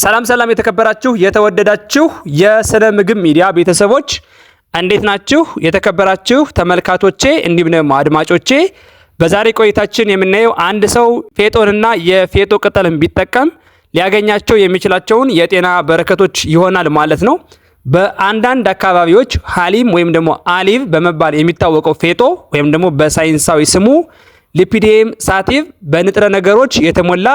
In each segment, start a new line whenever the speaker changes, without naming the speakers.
ሰላም ሰላም የተከበራችሁ የተወደዳችሁ የስነ ምግብ ሚዲያ ቤተሰቦች እንዴት ናችሁ? የተከበራችሁ ተመልካቾቼ እንዲሁም ደግሞ አድማጮቼ በዛሬ ቆይታችን የምናየው አንድ ሰው ፌጦንና የፌጦ ቅጠልን ቢጠቀም ሊያገኛቸው የሚችላቸውን የጤና በረከቶች ይሆናል ማለት ነው። በአንዳንድ አካባቢዎች ሀሊም ወይም ደግሞ አሊቭ በመባል የሚታወቀው ፌጦ ወይም ደግሞ በሳይንሳዊ ስሙ ሊፒዲየም ሳቲቭ በንጥረ ነገሮች የተሞላ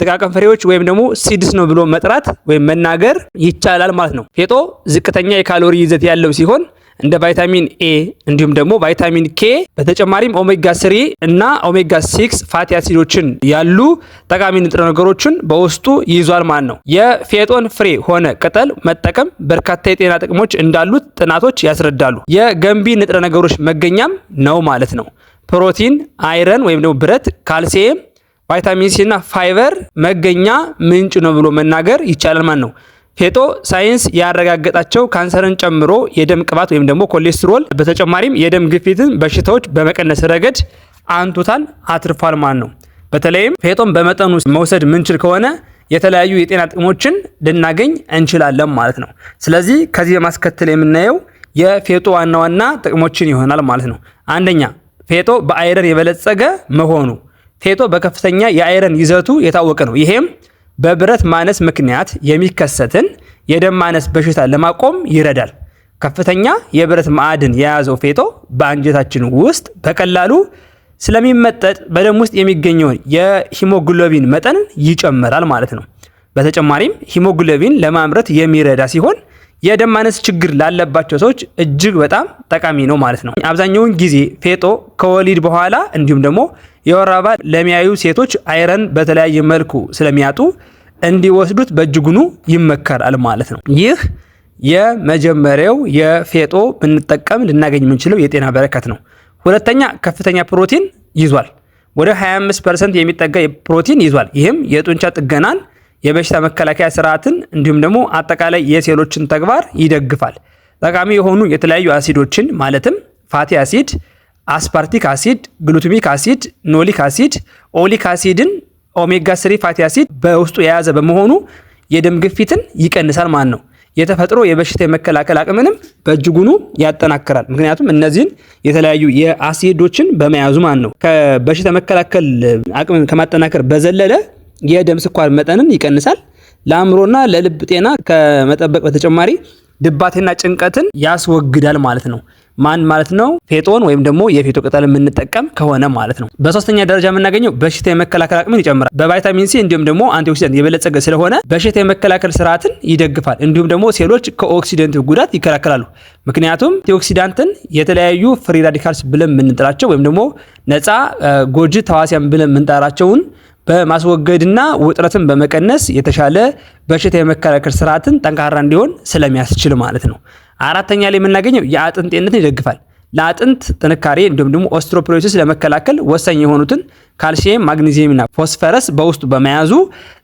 ጥቃቅን ፍሬዎች ወይም ደግሞ ሲድስ ነው ብሎ መጥራት ወይም መናገር ይቻላል ማለት ነው። ፌጦ ዝቅተኛ የካሎሪ ይዘት ያለው ሲሆን እንደ ቫይታሚን ኤ እንዲሁም ደግሞ ቫይታሚን ኬ በተጨማሪም ኦሜጋ ስሪ እና ኦሜጋ ሲክስ ፋቲ አሲዶችን ያሉ ጠቃሚ ንጥረ ነገሮችን በውስጡ ይዟል ማለት ነው። የፌጦን ፍሬ ሆነ ቅጠል መጠቀም በርካታ የጤና ጥቅሞች እንዳሉት ጥናቶች ያስረዳሉ። የገንቢ ንጥረ ነገሮች መገኛም ነው ማለት ነው። ፕሮቲን፣ አይረን ወይም ደግሞ ብረት፣ ካልሲየም ቫይታሚን ሲና ፋይበር መገኛ ምንጭ ነው ብሎ መናገር ይቻላል ማለት ነው። ፌጦ ሳይንስ ያረጋገጣቸው ካንሰርን ጨምሮ የደም ቅባት ወይም ደግሞ ኮሌስትሮል፣ በተጨማሪም የደም ግፊትን በሽታዎች በመቀነስ ረገድ አንቱታን አትርፏል ማለት ነው። በተለይም ፌጦን በመጠኑ መውሰድ ምንችል ከሆነ የተለያዩ የጤና ጥቅሞችን ልናገኝ እንችላለን ማለት ነው። ስለዚህ ከዚህ በማስከተል የምናየው የፌጦ ዋና ዋና ጥቅሞችን ይሆናል ማለት ነው። አንደኛ ፌጦ በአይረን የበለጸገ መሆኑ ቴቶ በከፍተኛ የአይረን ይዘቱ የታወቀ ነው። ይሄም በብረት ማነስ ምክንያት የሚከሰትን የደም ማነስ በሽታ ለማቆም ይረዳል። ከፍተኛ የብረት ማዕድን የያዘው ፌጦ በአንጀታችን ውስጥ በቀላሉ ስለሚመጠጥ በደም ውስጥ የሚገኘውን የሂሞግሎቢን መጠን ይጨምራል ማለት ነው። በተጨማሪም ሂሞግሎቢን ለማምረት የሚረዳ ሲሆን የደም ማነስ ችግር ላለባቸው ሰዎች እጅግ በጣም ጠቃሚ ነው ማለት ነው። አብዛኛውን ጊዜ ፌጦ ከወሊድ በኋላ እንዲሁም ደግሞ የወር አበባ ለሚያዩ ሴቶች አይረን በተለያየ መልኩ ስለሚያጡ እንዲወስዱት በእጅጉኑ ይመከራል ማለት ነው። ይህ የመጀመሪያው የፌጦ ብንጠቀም ልናገኝ የምንችለው የጤና በረከት ነው። ሁለተኛ ከፍተኛ ፕሮቲን ይዟል። ወደ 25 ፐርሰንት የሚጠጋ ፕሮቲን ይዟል። ይህም የጡንቻ ጥገናን የበሽታ መከላከያ ስርዓትን እንዲሁም ደግሞ አጠቃላይ የሴሎችን ተግባር ይደግፋል። ጠቃሚ የሆኑ የተለያዩ አሲዶችን ማለትም ፋቲ አሲድ፣ አስፓርቲክ አሲድ፣ ግሉቱሚክ አሲድ፣ ኖሊክ አሲድ፣ ኦሊክ አሲድን ኦሜጋ ስሪ ፋቲ አሲድ በውስጡ የያዘ በመሆኑ የደም ግፊትን ይቀንሳል ማለት ነው። የተፈጥሮ የበሽታ የመከላከል አቅምንም በእጅጉኑ ያጠናክራል። ምክንያቱም እነዚህን የተለያዩ የአሲዶችን በመያዙ ማለት ነው። ከበሽታ መከላከል አቅምን ከማጠናከር በዘለለ የደም ስኳር መጠንን ይቀንሳል። ለአእምሮና ለልብ ጤና ከመጠበቅ በተጨማሪ ድባቴና ጭንቀትን ያስወግዳል ማለት ነው። ማን ማለት ነው? ፌጦን ወይም ደግሞ የፌጦ ቅጠል የምንጠቀም ከሆነ ማለት ነው። በሶስተኛ ደረጃ የምናገኘው በሽታ የመከላከል አቅምን ይጨምራል። በቫይታሚን ሲ እንዲሁም ደግሞ አንቲኦክሲደንት የበለጸገ ስለሆነ በሽታ የመከላከል ስርዓትን ይደግፋል። እንዲሁም ደግሞ ሴሎች ከኦክሲደንት ጉዳት ይከላከላሉ። ምክንያቱም አንቲኦክሲዳንትን የተለያዩ ፍሪ ራዲካልስ ብለን የምንጠራቸው ወይም ደግሞ ነፃ ጎጂ ተዋሲያን ብለን የምንጠራቸውን በማስወገድና ውጥረትን በመቀነስ የተሻለ በሽታ የመከላከል ስርዓትን ጠንካራ እንዲሆን ስለሚያስችል ማለት ነው። አራተኛ ላይ የምናገኘው የአጥንት ጤንነትን ይደግፋል። ለአጥንት ጥንካሬ እንዲሁም ደግሞ ኦስትሮፕሮሲስ ለመከላከል ወሳኝ የሆኑትን ካልሲየም፣ ማግኒዚየምና ፎስፈረስ በውስጡ በመያዙ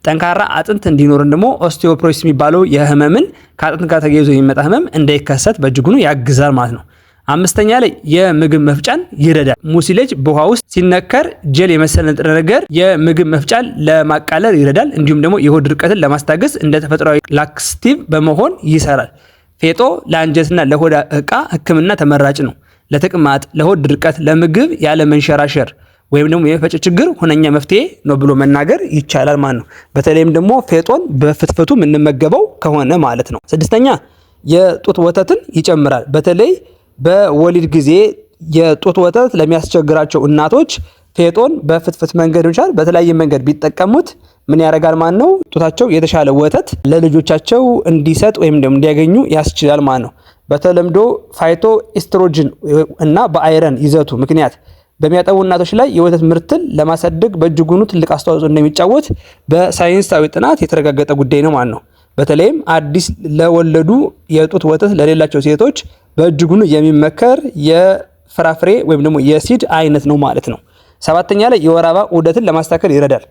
ጠንካራ አጥንት እንዲኖርን ደግሞ ኦስቲዮፕሮሲስ የሚባለው የህመምን ከአጥንት ጋር ተገይዞ የሚመጣ ህመም እንዳይከሰት በእጅጉኑ ያግዛል ማለት ነው። አምስተኛ ላይ የምግብ መፍጫን ይረዳል። ሙሲሌጅ በውሃ ውስጥ ሲነከር ጀል የመሰለ ንጥረ ነገር የምግብ መፍጫን ለማቃለል ይረዳል። እንዲሁም ደግሞ የሆድ ድርቀትን ለማስታገስ እንደ ተፈጥሯዊ ላክስቲቭ በመሆን ይሰራል። ፌጦ ለአንጀትና ለሆድ እቃ ህክምና ተመራጭ ነው። ለተቅማጥ፣ ለሆድ ድርቀት፣ ለምግብ ያለ መንሸራሸር ወይም ደግሞ የመፈጨ ችግር ሁነኛ መፍትሄ ነው ብሎ መናገር ይቻላል ማለት ነው። በተለይም ደግሞ ፌጦን በፍትፍቱ የምንመገበው ከሆነ ማለት ነው። ስድስተኛ የጡት ወተትን ይጨምራል በተለይ በወሊድ ጊዜ የጡት ወተት ለሚያስቸግራቸው እናቶች ፌጦን በፍትፍት መንገድ ይቻል በተለያየ መንገድ ቢጠቀሙት ምን ያደርጋል ማለት ነው? ጡታቸው የተሻለ ወተት ለልጆቻቸው እንዲሰጥ ወይም ደግሞ እንዲያገኙ ያስችላል ማለት ነው። በተለምዶ ፋይቶ ኢስትሮጅን እና በአይረን ይዘቱ ምክንያት በሚያጠቡ እናቶች ላይ የወተት ምርትን ለማሳደግ በእጅጉኑ ትልቅ አስተዋጽኦ እንደሚጫወት በሳይንሳዊ ጥናት የተረጋገጠ ጉዳይ ነው ማለት ነው። በተለይም አዲስ ለወለዱ የጡት ወተት ለሌላቸው ሴቶች በእጅጉን የሚመከር የፍራፍሬ ወይም ደግሞ የሲድ አይነት ነው ማለት ነው። ሰባተኛ ላይ የወር አበባ ዑደትን ለማስተካከል ይረዳል።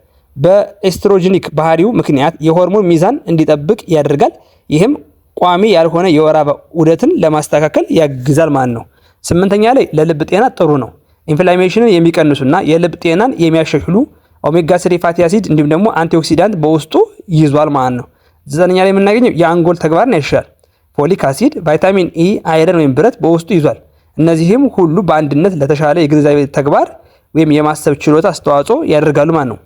በኤስትሮጂኒክ ባህሪው ምክንያት የሆርሞን ሚዛን እንዲጠብቅ ያደርጋል። ይህም ቋሚ ያልሆነ የወር አበባ ዑደትን ለማስተካከል ያግዛል ማለት ነው። ስምንተኛ ላይ ለልብ ጤና ጥሩ ነው። ኢንፍላሜሽንን የሚቀንሱና የልብ ጤናን የሚያሻሽሉ ኦሜጋ ስሪ ፋቲ አሲድ እንዲሁም ደግሞ አንቲኦክሲዳንት በውስጡ ይዟል ማለት ነው። ዘጠነኛ ላይ የምናገኘው የአንጎል ተግባርን ያሻል። ፎሊክ አሲድ፣ ቫይታሚን ኢ፣ e፣ አይረን ወይም ብረት በውስጡ ይዟል። እነዚህም ሁሉ በአንድነት ለተሻለ የግንዛቤ ተግባር ወይም የማሰብ ችሎታ አስተዋጽኦ ያደርጋሉ ማለት ነው።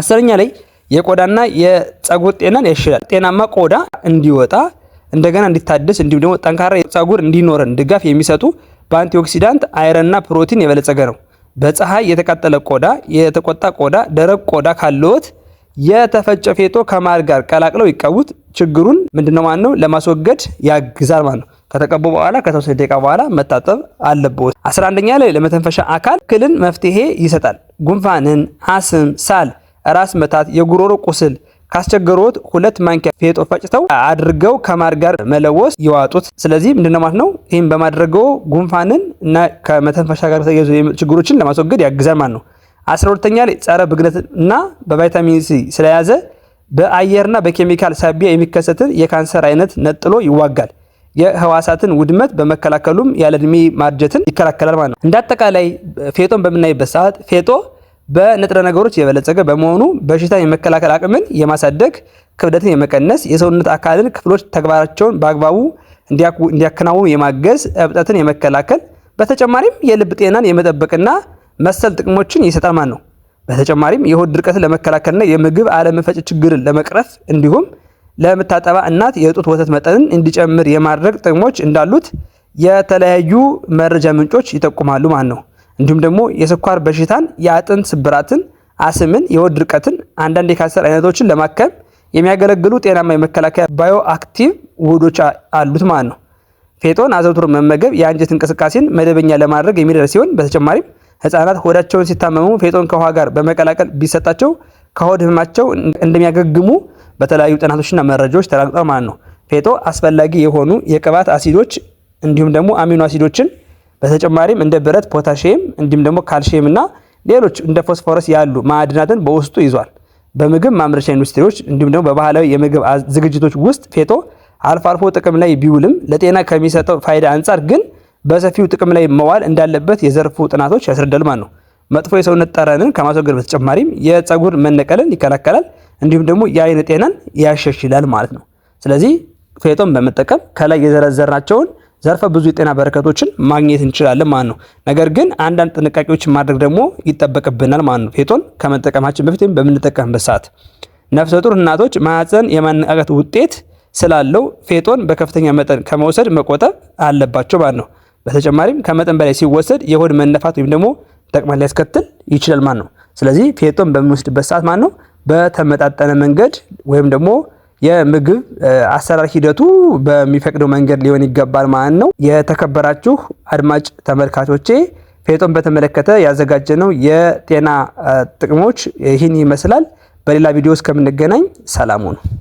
አስረኛ ላይ የቆዳና የፀጉር ጤናን ያሻል። ጤናማ ቆዳ እንዲወጣ እንደገና እንዲታደስ እንዲሁም ደግሞ ጠንካራ ፀጉር እንዲኖረን ድጋፍ የሚሰጡ በአንቲኦክሲዳንት አይረንና ፕሮቲን የበለጸገ ነው። በፀሐይ የተቃጠለ ቆዳ፣ የተቆጣ ቆዳ፣ ደረቅ ቆዳ ካለዎት የተፈጨ ፌጦ ከማር ጋር ቀላቅለው ይቀቡት። ችግሩን ምንድነው ማለት ነው ለማስወገድ ያግዛል ማለት ነው። ከተቀቡ በኋላ ከተወሰነ ደቂቃ በኋላ መታጠብ አለበት። አስራ አንደኛ ላይ ለመተንፈሻ አካል ክልን መፍትሄ ይሰጣል። ጉንፋንን፣ አስም፣ ሳል፣ ራስ መታት፣ የጉሮሮ ቁስል ካስቸገሮት ሁለት ማንኪያ ፌጦ ፈጭተው አድርገው ከማር ጋር መለወስ ይዋጡት። ስለዚህ ምንድነው ማለት ነው ይህም በማድረገው ጉንፋንን እና ከመተንፈሻ ጋር ተያይዞ ችግሮችን ለማስወገድ ያግዛል ማለት ነው። አስራ ሁለተኛ ላይ ጸረ ብግነትና በቫይታሚን ሲ ስለያዘ በአየርና በኬሚካል ሳቢያ የሚከሰትን የካንሰር አይነት ነጥሎ ይዋጋል። የህዋሳትን ውድመት በመከላከሉም ያለ እድሜ ማርጀትን ይከላከላል ማለት ነው። እንደ አጠቃላይ ፌጦን በምናይበት ሰዓት ፌጦ በንጥረ ነገሮች የበለጸገ በመሆኑ በሽታ የመከላከል አቅምን የማሳደግ፣ ክብደትን የመቀነስ፣ የሰውነት አካልን ክፍሎች ተግባራቸውን በአግባቡ እንዲያከናውኑ የማገዝ፣ እብጠትን የመከላከል በተጨማሪም የልብ ጤናን የመጠበቅና መሰል ጥቅሞችን ይሰጣል ማለት ነው። በተጨማሪም የሆድ ድርቀትን ለመከላከልና የምግብ አለመፈጭ ችግርን ለመቅረፍ እንዲሁም ለምታጠባ እናት የጡት ወተት መጠንን እንዲጨምር የማድረግ ጥቅሞች እንዳሉት የተለያዩ መረጃ ምንጮች ይጠቁማሉ ማለት ነው። እንዲሁም ደግሞ የስኳር በሽታን፣ የአጥንት ስብራትን፣ አስምን፣ የሆድ ድርቀትን፣ አንዳንድ የካንሰር አይነቶችን ለማከም የሚያገለግሉ ጤናማ የመከላከያ ባዮ አክቲቭ ውህዶች አሉት ማለት ነው። ፌጦን አዘውትሮ መመገብ የአንጀት እንቅስቃሴን መደበኛ ለማድረግ የሚደረስ ሲሆን በተጨማሪም ህጻናት ሆዳቸውን ሲታመሙ ፌጦን ከውሃ ጋር በመቀላቀል ቢሰጣቸው ከሆድ ህመማቸው እንደሚያገግሙ በተለያዩ ጥናቶችና መረጃዎች ተረጋግጧል ማለት ነው። ፌጦ አስፈላጊ የሆኑ የቅባት አሲዶች እንዲሁም ደግሞ አሚኖ አሲዶችን በተጨማሪም እንደ ብረት፣ ፖታሽየም እንዲሁም ደግሞ ካልሽየም እና ሌሎች እንደ ፎስፎረስ ያሉ ማዕድናትን በውስጡ ይዟል። በምግብ ማምረቻ ኢንዱስትሪዎች እንዲሁም ደግሞ በባህላዊ የምግብ ዝግጅቶች ውስጥ ፌጦ አልፎ አልፎ ጥቅም ላይ ቢውልም ለጤና ከሚሰጠው ፋይዳ አንጻር ግን በሰፊው ጥቅም ላይ መዋል እንዳለበት የዘርፉ ጥናቶች ያስረዳል ማለት ነው። መጥፎ የሰውነት ጠረንን ከማስወገድ በተጨማሪም የፀጉር መነቀልን ይከላከላል፣ እንዲሁም ደግሞ የአይን ጤናን ያሻሽላል ማለት ነው። ስለዚህ ፌጦን በመጠቀም ከላይ የዘረዘርናቸውን ዘርፈ ብዙ የጤና በረከቶችን ማግኘት እንችላለን ማለት ነው። ነገር ግን አንዳንድ ጥንቃቄዎችን ማድረግ ደግሞ ይጠበቅብናል ማለት ነው። ፌጦን ከመጠቀማችን በፊት ወይም በምንጠቀምበት ሰዓት ነፍሰ ጡር እናቶች ማህፀን የማነቃቀት ውጤት ስላለው ፌጦን በከፍተኛ መጠን ከመውሰድ መቆጠብ አለባቸው ማለት ነው። በተጨማሪም ከመጠን በላይ ሲወሰድ የሆድ መነፋት ወይም ደግሞ ተቅማጥ ሊያስከትል ይችላል ማለት ነው። ስለዚህ ፌጦን በምንወስድበት ሰዓት ማለት ነው በተመጣጠነ መንገድ ወይም ደግሞ የምግብ አሰራር ሂደቱ በሚፈቅደው መንገድ ሊሆን ይገባል ማለት ነው። የተከበራችሁ አድማጭ ተመልካቾቼ ፌጦን በተመለከተ ያዘጋጀነው የጤና ጥቅሞች ይህን ይመስላል። በሌላ ቪዲዮ እስከምንገናኝ ሰላሙ ነው።